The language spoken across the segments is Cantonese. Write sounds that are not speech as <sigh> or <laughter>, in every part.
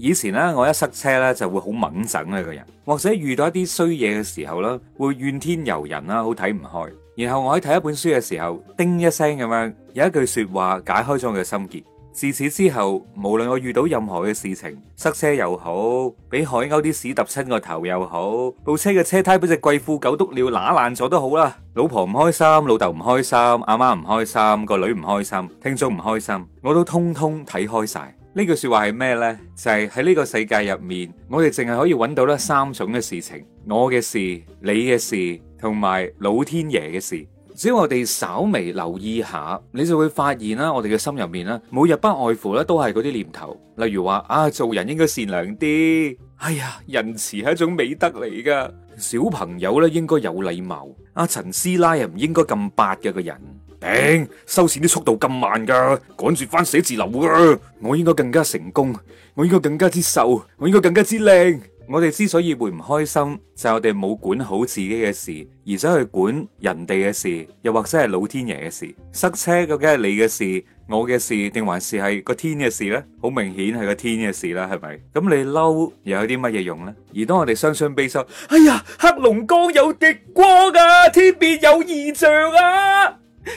以前呢，我一塞車呢就會好敏感啊，個人或者遇到一啲衰嘢嘅時候呢，會怨天尤人啦，好睇唔開。然後我喺睇一本書嘅時候，叮一聲咁樣有一句說話解開咗我嘅心結。自此之後，無論我遇到任何嘅事情，塞車又好，俾海鷗啲屎揼親個頭又好，部車嘅車胎俾隻貴婦狗篤尿乸爛咗都好啦，老婆唔開心，老豆唔開心，阿媽唔開心，個女唔開心，聽眾唔開心，我都通通睇開晒。呢句說話係咩呢？就係喺呢個世界入面，我哋淨係可以搵到咧三種嘅事情：我嘅事、你嘅事，同埋老天爺嘅事。只要我哋稍微留意下，你就會發現啦，我哋嘅心入面啦，每日不外乎咧都係嗰啲念頭。例如話啊，做人應該善良啲。哎呀，仁慈係一種美德嚟噶。小朋友咧應該有禮貌。阿、啊、陳師奶又唔應該咁八嘅個人。頂，收錢啲速度咁慢噶，趕住翻寫字樓噶，我應該更加成功，我應該更加之瘦，我應該更加之靚。我哋之所以會唔開心，就係我哋冇管好自己嘅事，而走去管人哋嘅事，又或者係老天爺嘅事。塞車究竟係你嘅事，我嘅事，定還是係個天嘅事呢？好明顯係個天嘅事啦，係咪？咁你嬲又有啲乜嘢用呢？而當我哋傷心悲傷，哎呀，黑龍江有極光噶，天邊有異象啊！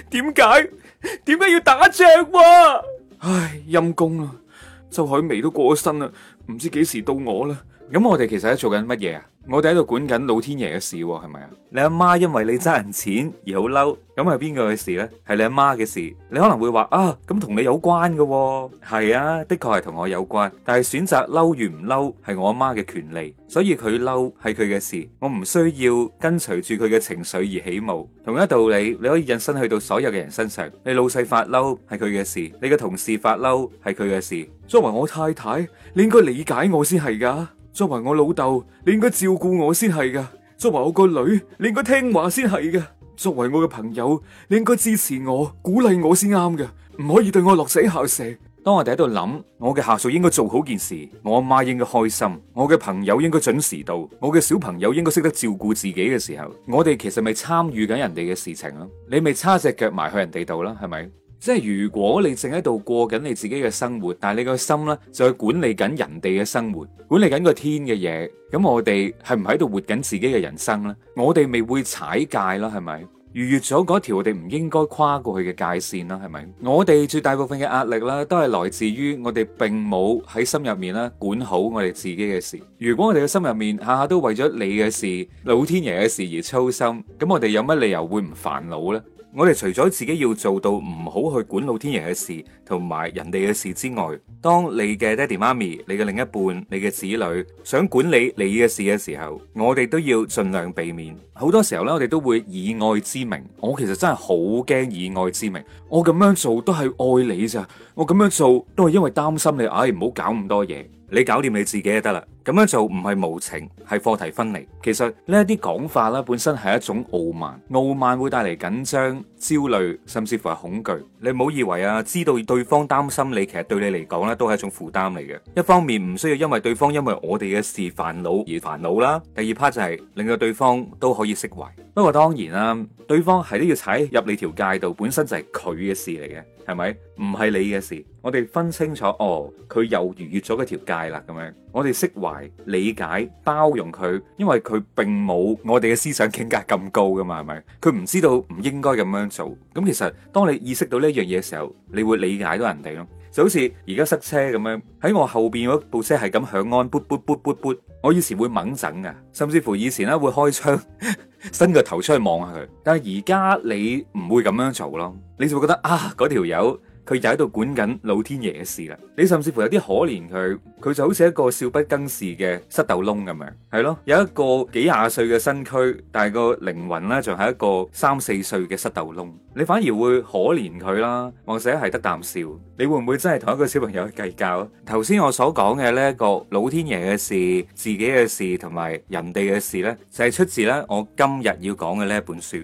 點解，點解要打仗啊？唉，陰公啊，周海媚都過咗身啦，唔知幾時到我啦。咁我哋其實喺做緊乜嘢啊？我哋喺度管緊老天爺嘅事係咪啊？是是你阿媽因為你爭人錢而好嬲，咁係邊個嘅事呢？係你阿媽嘅事。你可能會話啊，咁同你有關嘅係啊，的確係同我有關。但係選擇嬲與唔嬲係我阿媽嘅權利，所以佢嬲係佢嘅事，我唔需要跟隨住佢嘅情緒而起舞。同一道理，你可以引申去到所有嘅人身上。你老細發嬲係佢嘅事，你嘅同事發嬲係佢嘅事。作為我太太，你應該理解我先係噶。作為我老豆，你應該照顧我先係噶；作為我個女，你應該聽話先係噶；作為我嘅朋友，你應該支持我、鼓勵我先啱噶，唔可以對我落死下石。當我哋喺度諗，我嘅下屬應該做好件事，我阿媽應該開心，我嘅朋友應該準時到，我嘅小朋友應該識得照顧自己嘅時候，我哋其實咪參與緊人哋嘅事情咯？你咪叉隻腳埋去人哋度啦，係咪？即係如果你正喺度過緊你自己嘅生活，但係你個心咧就去管理緊人哋嘅生活，管理緊個天嘅嘢，咁我哋係唔喺度活緊自己嘅人生呢？我哋未會踩界啦，係咪逾越咗嗰條我哋唔應該跨過去嘅界線啦？係咪？我哋絕大部分嘅壓力啦，都係來自於我哋並冇喺心入面咧管好我哋自己嘅事。如果我哋嘅心入面下下都為咗你嘅事、老天爺嘅事而操心，咁我哋有乜理由會唔煩惱呢？我哋除咗自己要做到唔好去管老天爺嘅事同埋人哋嘅事之外，當你嘅爹哋媽咪、你嘅另一半、你嘅子女想管理你嘅事嘅時候，我哋都要盡量避免。好多時候咧，我哋都會以愛之名。我其實真係好驚以愛之名，我咁樣做都係愛你咋？我咁樣做都係因為擔心你，唉、哎，唔好搞咁多嘢。你搞掂你自己就得啦，咁樣做唔係無情，係課題分離。其實呢一啲講法咧，本身係一種傲慢，傲慢會帶嚟緊張、焦慮，甚至乎係恐懼。你唔好以為啊，知道對方擔心你，其實對你嚟講咧都係一種負擔嚟嘅。一方面唔需要因為對方因為我哋嘅事煩惱而煩惱啦，第二 part 就係令到對方都可以釋懷。不過當然啦，對方係都要踩入你條界度，本身就係佢嘅事嚟嘅。係咪？唔係你嘅事。我哋分清楚哦，佢又逾越咗嗰條界啦，咁樣我哋釋懷、理解、包容佢，因為佢並冇我哋嘅思想境界咁高噶嘛，係咪？佢唔知道唔應該咁樣做，咁其實當你意識到呢樣嘢嘅時候，你會理解到人哋咯。就好似而家塞車咁樣，喺我後邊嗰部車係咁響安，卜卜卜卜卜。我以前會猛整㗎，甚至乎以前咧會開窗， <laughs> 伸個頭出去望下佢。但係而家你唔會咁樣做咯，你就會覺得啊，嗰條友。佢就喺度管緊老天爺嘅事啦，你甚至乎有啲可憐佢，佢就好似一個少不更事嘅塞豆窿咁樣，係咯，有一個幾廿歲嘅身軀，但係個靈魂呢仲係一個三四歲嘅塞豆窿，你反而會可憐佢啦，或者係得啖笑，你會唔會真係同一個小朋友去計較啊？頭先我所講嘅呢一個老天爺嘅事、自己嘅事同埋人哋嘅事呢，就係出自呢我今日要講嘅呢一本書。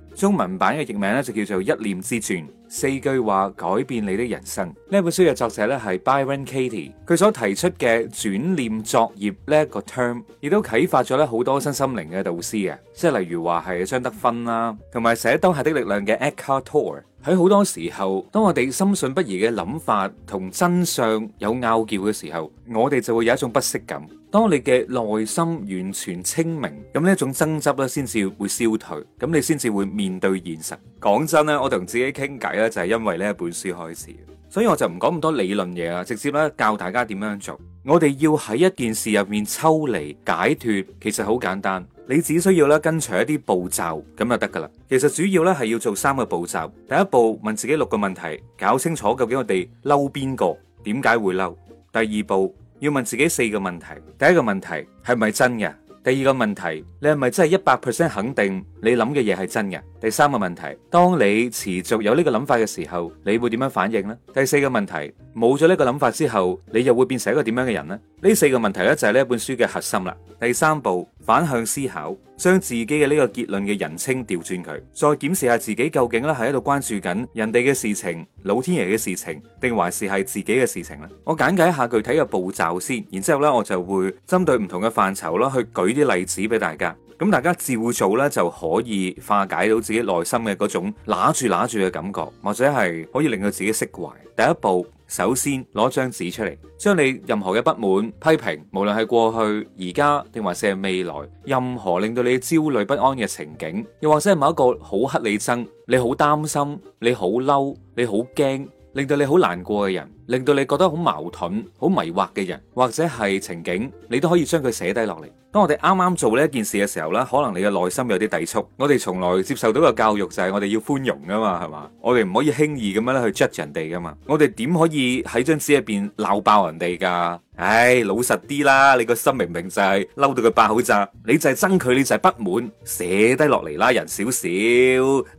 中文版嘅譯名咧就叫做《一念之轉》，四句話改變你的人生。呢本書嘅作者咧係 Byron Katie，佢所提出嘅轉念作業呢一個 term，亦都啟發咗咧好多新心靈嘅導師嘅，即係例如話係張德芬啦，同埋寫《當下的力量》嘅 Eckhart Tolle。喺好多時候，當我哋深信不疑嘅諗法同真相有拗撬嘅時候，我哋就會有一種不適感。當你嘅內心完全清明，咁呢一種爭執咧，先至會消退，咁你先至會面對現實。講真咧，我同自己傾偈咧，就係因為呢一本書開始，所以我就唔講咁多理論嘢啦，直接咧教大家點樣做。我哋要喺一件事入面抽離解脫，其實好簡單，你只需要咧跟隨一啲步驟咁就得噶啦。其實主要咧係要做三個步驟。第一步，問自己六個問題，搞清楚究竟我哋嬲邊個，點解會嬲。第二步。要問自己四個問題：第一個問題，係咪真嘅？第二個問題，你係咪真係一百 percent 肯定你諗嘅嘢，係真嘅？第三個問題，當你持續有呢個諗法嘅時候，你會點樣反應呢？第四個問題，冇咗呢個諗法之後，你又會變成一個點樣嘅人呢？呢四個問題咧就係呢本書嘅核心啦。第三步。反向思考，將自己嘅呢個結論嘅人稱調轉佢，再檢視下自己究竟咧係喺度關注緊人哋嘅事情、老天爺嘅事情，定還是係自己嘅事情咧？我簡介一下具體嘅步驟先，然之後咧我就會針對唔同嘅範疇啦，去舉啲例子俾大家。咁大家照做呢，就可以化解到自己內心嘅嗰種揦住揦住嘅感覺，或者係可以令到自己釋懷。第一步。首先攞張紙出嚟，將你任何嘅不滿、批評，無論係過去、而家定還是未來，任何令到你焦慮不安嘅情景，又或者係某一個好黑你憎、你好擔心、你好嬲、你好驚，令到你好難過嘅人，令到你覺得好矛盾、好迷惑嘅人或者係情景，你都可以將佢寫低落嚟。當我哋啱啱做呢一件事嘅時候呢，可能你嘅內心有啲抵觸。我哋從來接受到嘅教育就係我哋要寬容噶嘛，係嘛？我哋唔可以輕易咁樣去 judge 人哋噶嘛。我哋點可以喺張紙入邊鬧爆人哋噶？唉、哎，老實啲啦，你個心明明就係嬲到佢爆口咋，你就係憎佢，你就係不滿，寫低落嚟啦，人少少，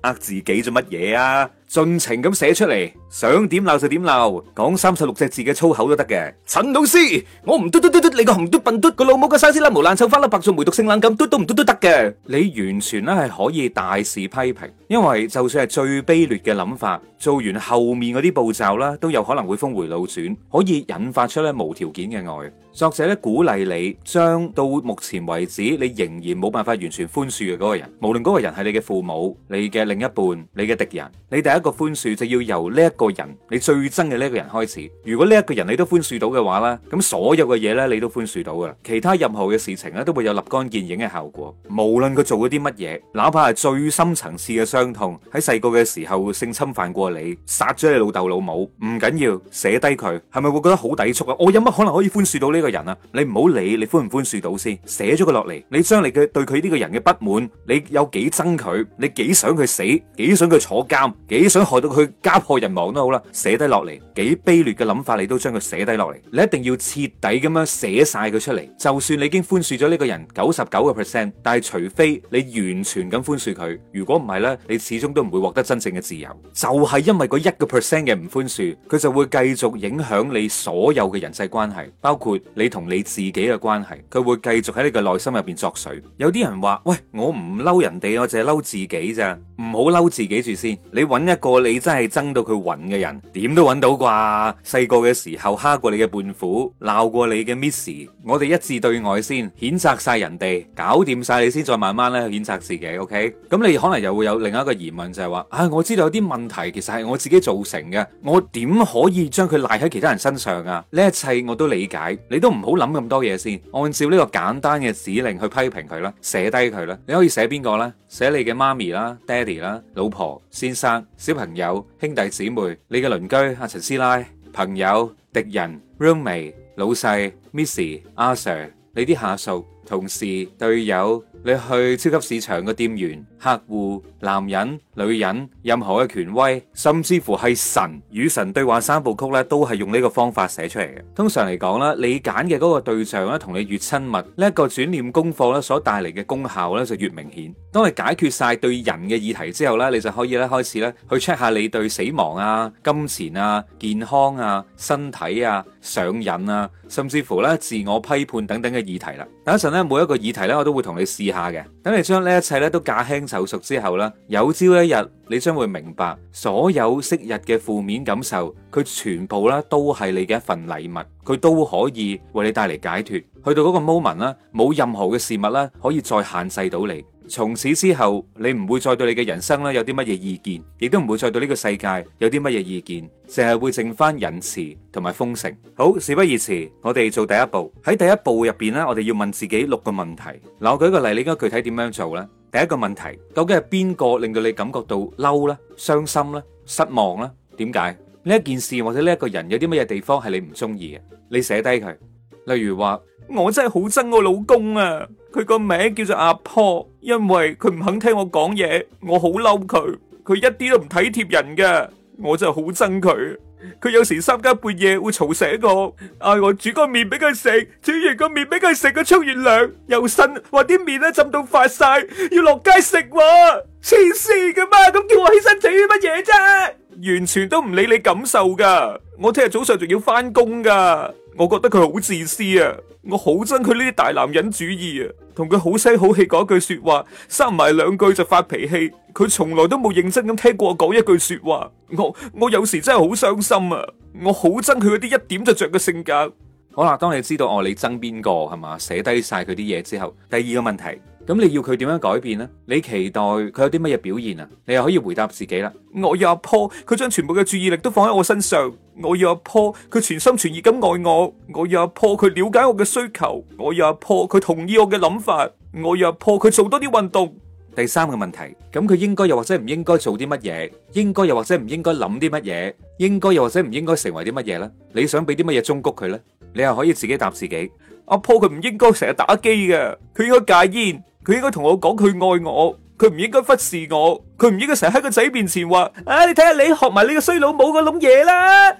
呃自己做乜嘢啊？盡情咁寫出嚟，想點鬧就點鬧，講。三十六隻字嘅粗口都得嘅，陳老師，我唔嘟嘟嘟嘟，你個紅嘟笨嘟個老母嘅生絲爛毛爛臭翻粒白做梅毒性冷感嘟嘟唔嘟嘟得嘅，你完全咧係可以大肆批評，因為就算係最卑劣嘅諗法，做完後面嗰啲步驟咧，都有可能會峰回路轉，可以引發出咧無條件嘅愛。作者咧鼓勵你，將到目前為止你仍然冇辦法完全寬恕嘅嗰個人，無論嗰個人係你嘅父母、你嘅另一半、你嘅敵人，你第一個寬恕就要由呢一個人，你最憎嘅呢一個人開。如果呢一個人你都寬恕到嘅話呢，咁所有嘅嘢，呢你都寬恕到㗎喇，其他任何嘅事情呢都會有立竿見影嘅效果。無論佢做咗啲乜嘢，哪怕係最深層次嘅傷痛，喺細個嘅時候性侵犯過你，殺咗你老豆老母，唔緊要，寫低佢係咪會覺得好抵觸啊？我有乜可能可以寬恕到呢個人啊？你唔好理你寬唔寬恕到先，寫咗佢落嚟，你將你嘅對佢呢個人嘅不滿，你有幾憎佢，你幾想佢死，幾想佢坐監，幾想害到佢家破人亡都好啦，寫低落嚟，幾逼。卑劣嘅諗法，你都將佢寫低落嚟，你一定要徹底咁樣寫晒佢出嚟。就算你已經寬恕咗呢個人九十九個 percent，但係除非你完全咁寬恕佢，如果唔係呢，你始終都唔會獲得真正嘅自由。就係因為嗰一個 percent 嘅唔寬恕，佢就會繼續影響你所有嘅人際關係，包括你同你自己嘅關係。佢會繼續喺你嘅內心入邊作祟。有啲人話：喂，我唔嬲人哋，我淨係嬲自己咋，唔好嬲自己住先。你揾一個你真係憎到佢揾嘅人，點都揾到啩？啊，細個嘅時候蝦過你嘅伴夫，鬧過你嘅 miss，我哋一致對外先，譴責晒人哋，搞掂晒你先，再慢慢咧譴責自己。OK，咁你可能又會有另一個疑問就係、是、話，啊，我知道有啲問題其實係我自己造成嘅，我點可以將佢賴喺其他人身上啊？呢一切我都理解，你都唔好諗咁多嘢先，按照呢個簡單嘅指令去批評佢啦，寫低佢啦，你可以寫邊個呢？寫你嘅媽咪啦、爹哋啦、老婆、先生、小朋友、兄弟姊妹、你嘅鄰居阿、啊、陳師奶。朋友、敵人、Roommate、老細、Missy、阿 Sir，你啲下屬、同事、隊友，你去超級市場嘅店員。客戶、男人、女人、任何嘅權威，甚至乎係神與神對話三部曲咧，都係用呢個方法寫出嚟嘅。通常嚟講咧，你揀嘅嗰個對象咧，同你越親密，呢一個轉念功課咧所帶嚟嘅功效咧就越明顯。當你解決晒對人嘅議題之後咧，你就可以咧開始咧去 check 下你對死亡啊、金錢啊、健康啊、身體啊、上癮啊，甚至乎咧自我批判等等嘅議題啦。等一陣咧，每一個議題咧，我都會同你試下嘅。等你將呢一切咧都駕輕手熟之後啦，有朝一日你將會明白，所有昔日嘅負面感受，佢全部啦都係你嘅一份禮物，佢都可以為你帶嚟解脫。去到嗰個 moment 啦，冇任何嘅事物啦可以再限制到你。從此之後，你唔會再對你嘅人生啦有啲乜嘢意見，亦都唔會再對呢個世界有啲乜嘢意見，淨係會剩翻仁慈同埋豐盛。好，事不宜遲，我哋做第一步。喺第一步入邊咧，我哋要問自己六個問題。嗱，我舉個例，你應該具體點樣做呢？第一個問題，究竟係邊個令到你感覺到嬲咧、傷心咧、失望咧？點解呢一件事或者呢一個人有啲乜嘢地方係你唔中意嘅？你寫低佢，例如話我真係好憎我老公啊，佢個名叫做阿婆，因為佢唔肯聽我講嘢，我好嬲佢，佢一啲都唔體貼人嘅，我真係好憎佢。佢有時三更半夜會嘈醒我，嗌、啊、我煮個麵俾佢食，煮完個麵俾佢食，佢沖完涼又呻，話啲麵咧浸到發晒，要落街食喎，黐線噶嘛，咁叫我起身整乜嘢啫？完全都唔理你感受噶，我聽日早上仲要翻工噶，我覺得佢好自私啊，我好憎佢呢啲大男人主義啊。同佢好聲好氣講一句說話，三埋兩句就發脾氣，佢從來都冇認真咁聽過我講一句說話，我我有時真係好傷心啊！我好憎佢嗰啲一點就着嘅性格。好啦，當你知道哦，你憎邊個係咪？寫低晒佢啲嘢之後，第二個問題。咁你要佢點樣改變咧？你期待佢有啲乜嘢表現啊？你又可以回答自己啦。我要阿婆佢將全部嘅注意力都放喺我身上。我要阿婆佢全心全意咁愛我。我要阿婆佢了解我嘅需求。我要阿婆佢同意我嘅諗法。我要阿婆佢做多啲運動。第三個問題，咁佢應該又或者唔應該做啲乜嘢？應該又或者唔應該諗啲乜嘢？應該又或者唔應該成為啲乜嘢咧？你想俾啲乜嘢忠告佢咧？你又可以自己答自己。阿婆佢唔應該成日打機噶，佢應該戒煙。佢應該同我講佢愛我，佢唔應該忽視我，佢唔應該成日喺個仔面前話，唉、啊、你睇下你學埋你個衰老母嗰種嘢啦。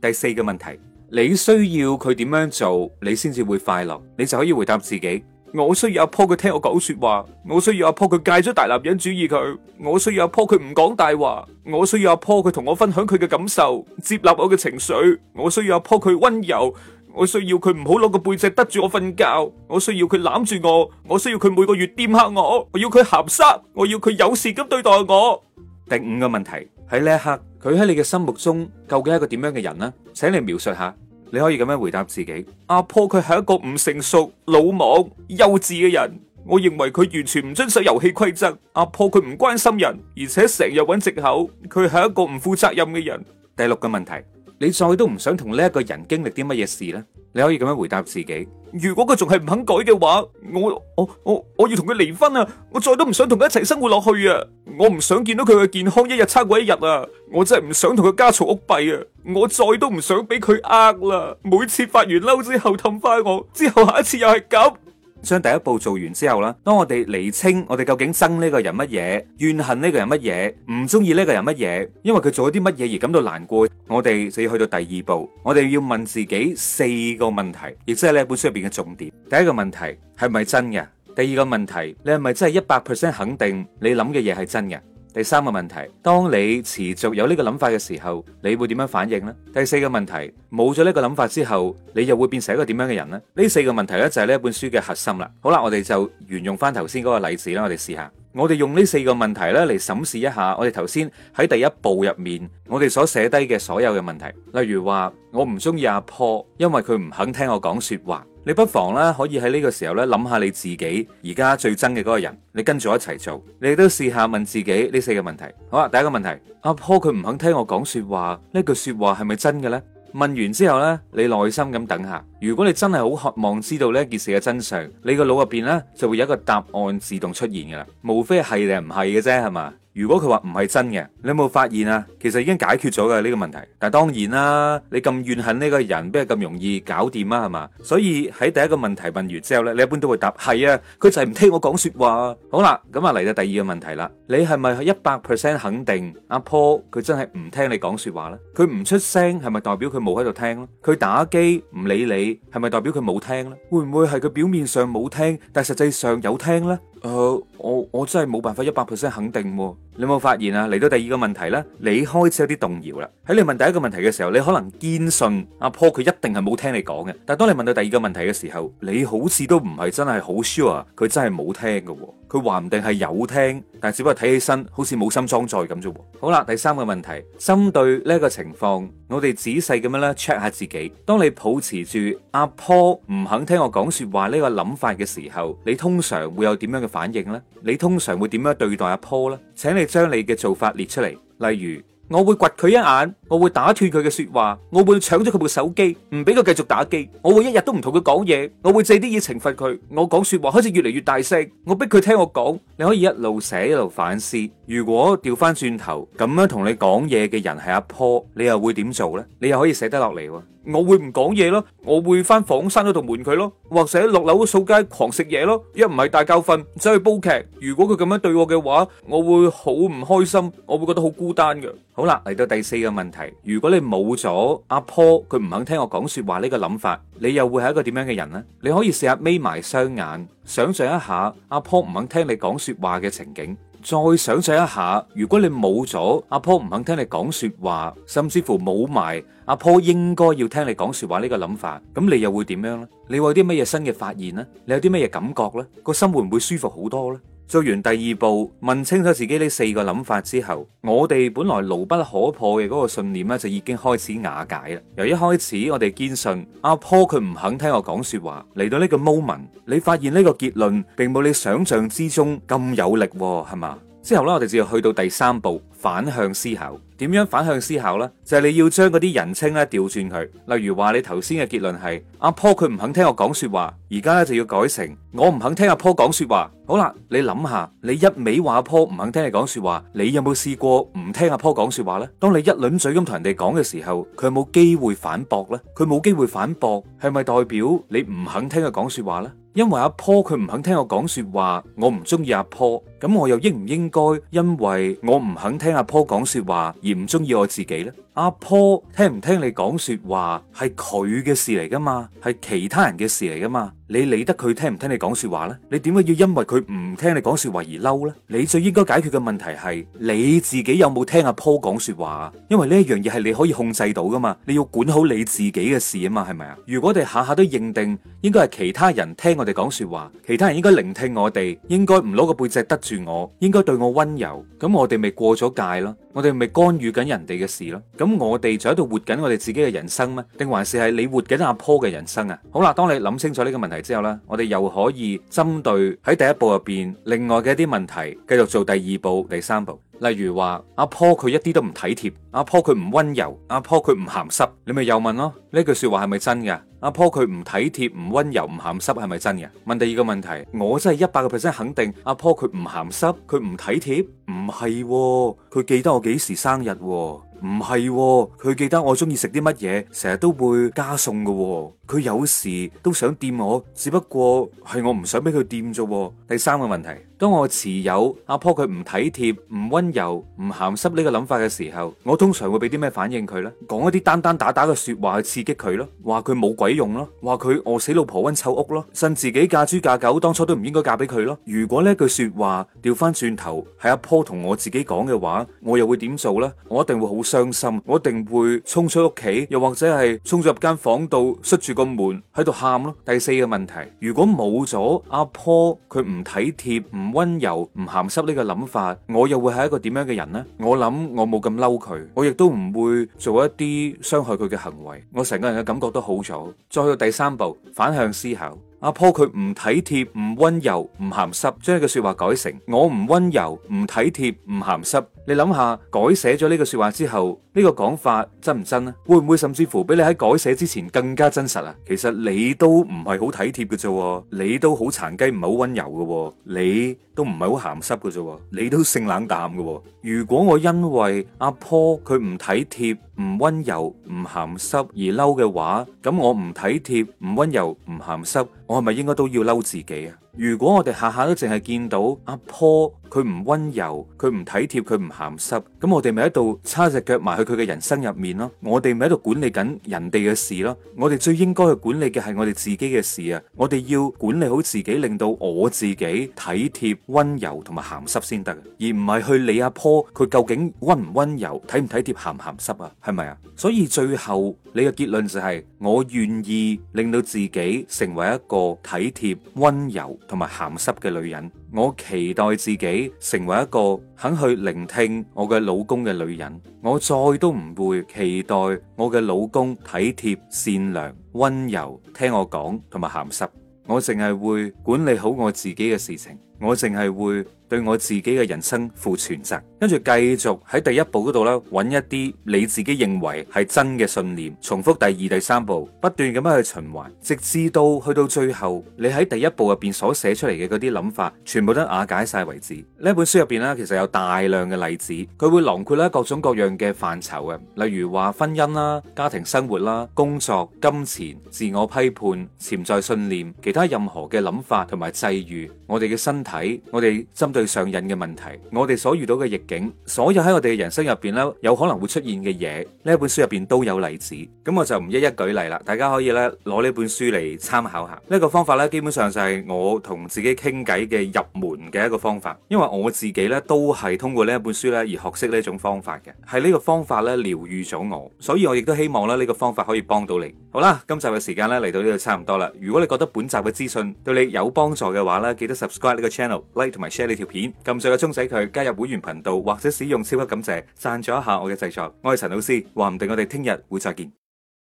第四個問題，你需要佢點樣做，你先至會快樂？你就可以回答自己，我需要阿婆佢聽我講說話，我需要阿婆佢戒咗大男人主義佢，我需要阿婆佢唔講大話，我需要阿婆佢同我分享佢嘅感受，接納我嘅情緒，我需要阿婆佢溫柔。我需要佢唔好攞個背脊得住我瞓覺，我需要佢攬住我，我需要佢每個月掂下我，我要佢鹹濕，我要佢有事咁對待我。第五個問題，喺呢一刻，佢喺你嘅心目中究竟係一個點樣嘅人呢？請你描述下，你可以咁樣回答自己。阿婆佢係一個唔成熟、魯莽、幼稚嘅人，我認為佢完全唔遵守遊戲規則。阿婆佢唔關心人，而且成日揾藉口，佢係一個唔負責任嘅人。第六個問題。你再都唔想同呢一個人經歷啲乜嘢事呢？你可以咁樣回答自己。如果佢仲係唔肯改嘅話，我我我我要同佢離婚啊！我再都唔想同佢一齊生活落去啊！我唔想見到佢嘅健康一日差過一日啊！我真係唔想同佢家嘈屋閉啊！我再都唔想俾佢呃啦！每次發完嬲之後氹翻我，之後下一次又係咁。將第一步做完之後啦，當我哋釐清我哋究竟憎呢個人乜嘢，怨恨呢個人乜嘢，唔中意呢個人乜嘢，因為佢做咗啲乜嘢而感到難過，我哋就要去到第二步，我哋要問自己四個問題，亦即係呢本書入邊嘅重點。第一個問題，係咪真嘅？第二個問題，你係咪真係一百 percent 肯定你諗嘅嘢係真嘅？第三個問題，當你持續有呢個諗法嘅時候，你會點樣反應呢？第四個問題，冇咗呢個諗法之後，你又會變成一個點樣嘅人呢？呢四個問題呢，就係呢本書嘅核心啦。好啦，我哋就沿用翻頭先嗰個例子啦，我哋試下。我哋用呢四個問題咧嚟審視一下，我哋頭先喺第一步入面，我哋所寫低嘅所有嘅問題，例如話我唔中意阿婆，因為佢唔肯聽我講說話。你不妨咧可以喺呢個時候咧諗下你自己而家最憎嘅嗰個人，你跟住我一齊做，你都試下問自己呢四個問題。好啦，第一個問題，阿婆佢唔肯聽我講說話，呢句說話係咪真嘅呢？問完之後呢，你耐心咁等下。如果你真係好渴望知道呢件事嘅真相，你個腦入邊呢就會有一個答案自動出現㗎喇，無非係定唔係嘅啫，係嘛？如果佢話唔係真嘅，你有冇發現啊？其實已經解決咗嘅呢個問題。但係當然啦，你咁怨恨呢個人，邊係咁容易搞掂啊？係嘛？所以喺第一個問題問完之後呢，你一般都會答係啊，佢就係唔聽我講說話。好啦，咁啊嚟到第二個問題啦，你係咪一百 percent 肯定阿 Paul 佢真係唔聽你講說話呢？佢唔出聲係咪代表佢冇喺度聽？佢打機唔理你係咪代表佢冇聽呢？會唔會係佢表面上冇聽，但係實際上有聽呢？誒、呃，我我真係冇辦法一百 percent 肯定、啊，你有冇發現啊？嚟到第二個問題呢，你開始有啲動搖啦。喺你問第一個問題嘅時候，你可能堅信阿破佢一定係冇聽你講嘅，但係當你問到第二個問題嘅時候，你好似都唔係真係好 sure 佢真係冇聽嘅、啊，佢話唔定係有聽，但係只不過睇起身好似冇心裝載咁啫。好啦，第三個問題，針對呢個情況。我哋仔細咁樣咧 check 下自己。當你抱持住阿婆唔肯聽我講說話呢個諗法嘅時候，你通常會有點樣嘅反應呢？你通常會點樣對待阿、啊、婆呢？請你將你嘅做法列出嚟，例如我會掘佢一眼。我會打斷佢嘅說話，我會搶咗佢部手機，唔俾佢繼續打機。我會一日都唔同佢講嘢，我會借啲意懲罰佢。我講說話開始越嚟越大聲，我逼佢聽我講。你可以一路寫一路反思。如果調翻轉頭咁樣同你講嘢嘅人係阿婆，你又會點做呢？你又可以寫得落嚟喎。我會唔講嘢咯，我會翻房閂咗道門佢咯，或者落樓掃街狂食嘢咯，一唔係大覺瞓，走去煲劇。如果佢咁樣對我嘅話，我會好唔開心，我會覺得好孤單嘅。好啦，嚟到第四個問題。如果你冇咗阿婆，佢唔肯聽我講説話呢個諗法，你又會係一個點樣嘅人呢？你可以試下眯埋雙眼，想象一下阿婆唔肯聽你講説話嘅情景，再想象一下，如果你冇咗阿婆唔肯聽你講説話，甚至乎冇埋阿婆應該要聽你講説話呢個諗法，咁你又會點樣呢？你有啲乜嘢新嘅發現呢？你有啲乜嘢感覺呢？個心會唔會舒服好多呢？做完第二步，問清楚自己呢四個諗法之後，我哋本來牢不可破嘅嗰個信念咧，就已經開始瓦解啦。由一開始我哋堅信阿婆佢唔肯聽我講説話，嚟到呢個 moment，你發現呢個結論並冇你想象之中咁有力喎，係嘛？之後咧，我哋就要去到第三步，反向思考。點樣反向思考呢？就係、是、你要將嗰啲人稱咧調轉佢。例如話你頭先嘅結論係阿坡佢唔肯聽我講說話，而家咧就要改成我唔肯聽阿坡講說話。好啦，你諗下，你一味話阿坡唔肯聽你講說話，你有冇試過唔聽阿坡講說話呢？當你一輪嘴咁同人哋講嘅時候，佢冇機會反駁呢？佢冇機會反駁，係咪代表你唔肯聽佢講說話呢？因為阿坡佢唔肯聽我講說話，我唔中意阿坡。咁我又應唔應該因為我唔肯聽阿婆講說話而唔中意我自己呢？阿婆聽唔聽你講說話係佢嘅事嚟噶嘛，係其他人嘅事嚟噶嘛？你理得佢聽唔聽你講說話呢？你點解要因為佢唔聽你講說話而嬲呢？你最應該解決嘅問題係你自己有冇聽阿婆講說話？因為呢一樣嘢係你可以控制到噶嘛？你要管好你自己嘅事啊嘛？係咪啊？如果我哋下下都認定應該係其他人聽我哋講說話，其他人應該聆聽我哋，應該唔攞個背脊得。住，我應該對我溫柔，咁我哋咪過咗界咯？我哋咪干預緊人哋嘅事咯？咁我哋就喺度活緊我哋自己嘅人生咩？定還是係你活緊阿婆嘅人生啊？好啦，當你諗清楚呢個問題之後咧，我哋又可以針對喺第一步入邊另外嘅一啲問題，繼續做第二步、第三步。例如話阿婆佢一啲都唔體貼，阿婆佢唔溫柔，阿婆佢唔咸濕，你咪又問咯？呢句說話係咪真嘅？阿婆佢唔體貼、唔溫柔、唔咸濕係咪真嘅？問第二個問題，我真係一百個 percent 肯定阿婆佢唔咸濕，佢唔體貼，唔係、喎，佢記得我幾時生日、喎，唔係、喎，佢記得我中意食啲乜嘢，成日都會加餸嘅、喎，佢有時都想掂我，只不過係我唔想俾佢掂啫。第三個問題。當我持有阿婆佢唔體貼、唔温柔、唔咸濕呢個諗法嘅時候，我通常會俾啲咩反應佢呢？講一啲單單打打嘅說話去刺激佢咯，話佢冇鬼用咯，話佢餓死老婆温臭屋咯，甚至自己嫁豬嫁狗當初都唔應該嫁俾佢咯。如果呢句說話調翻轉頭係阿婆同我自己講嘅話，我又會點做呢？我一定會好傷心，我一定會衝出屋企，又或者係衝咗入間房度塞住個門喺度喊咯。第四個問題，如果冇咗阿婆佢唔體貼、唔溫柔、唔咸濕呢個諗法，我又會係一個點樣嘅人呢？我諗我冇咁嬲佢，我亦都唔會做一啲傷害佢嘅行為，我成個人嘅感覺都好咗。再去第三步，反向思考，阿婆佢唔體貼、唔溫柔、唔咸濕，將呢個說話改成我唔溫柔、唔體貼、唔咸濕。你諗下改寫咗呢個說話之後，呢個講法真唔真呢？會唔會甚至乎比你喺改寫之前更加真實啊？其實你都唔係好體貼嘅啫，你都好殘雞，唔係好溫柔嘅，你都唔係好鹹濕嘅啫，你都性冷淡嘅。如果我因為阿婆佢唔體貼、唔溫柔、唔鹹濕而嬲嘅話，咁我唔體貼、唔溫柔、唔鹹濕，我係咪應該都要嬲自己啊？如果我哋下下都淨係見到阿婆，佢、啊、唔溫柔，佢唔體貼，佢唔鹹濕，咁、嗯、我哋咪喺度叉隻腳埋去佢嘅人生入面咯。我哋咪喺度管理緊人哋嘅事咯。我哋最應該去管理嘅係我哋自己嘅事啊。我哋要管理好自己，令到我自己體貼、溫柔同埋鹹濕先得，而唔係去理阿婆，佢究竟溫唔溫柔、體唔體貼、鹹唔鹹濕啊？係咪啊？所以最後你嘅結論就係、是、我願意令到自己成為一個體貼、溫柔。同埋鹹濕嘅女人，我期待自己成為一個肯去聆聽我嘅老公嘅女人，我再都唔會期待我嘅老公體貼、善良、溫柔聽我講同埋鹹濕，我淨係會管理好我自己嘅事情。我淨係會對我自己嘅人生負全責，跟住繼續喺第一步嗰度咧，揾一啲你自己認為係真嘅信念，重複第二、第三步，不斷咁樣去循環，直至到去到最後，你喺第一步入邊所寫出嚟嘅嗰啲諗法，全部都瓦解晒為止。呢本書入邊咧，其實有大量嘅例子，佢會囊括咧各種各樣嘅範疇嘅，例如話婚姻啦、家庭生活啦、工作、金錢、自我批判、潛在信念、其他任何嘅諗法同埋際遇，我哋嘅身體。睇我哋針對上癮嘅問題，我哋所遇到嘅逆境，所有喺我哋嘅人生入邊咧，有可能會出現嘅嘢，呢一本書入邊都有例子。咁我就唔一一舉例啦，大家可以咧攞呢本書嚟參考下。呢一個方法咧，基本上就係我同自己傾偈嘅入門嘅一個方法，因為我自己咧都係通過呢一本書咧而學識呢一種方法嘅，係呢個方法咧療愈咗我，所以我亦都希望咧呢個方法可以幫到你。好啦，今集嘅時間咧嚟到呢度差唔多啦。如果你覺得本集嘅資訊對你有幫助嘅話咧，記得 subscribe 呢個。channel like 同埋 share 呢條片，撳上個鐘仔佢，加入會員頻道，或者使用超級感謝贊助一下我嘅製作。我係陳老 C，話唔定我哋聽日會再見。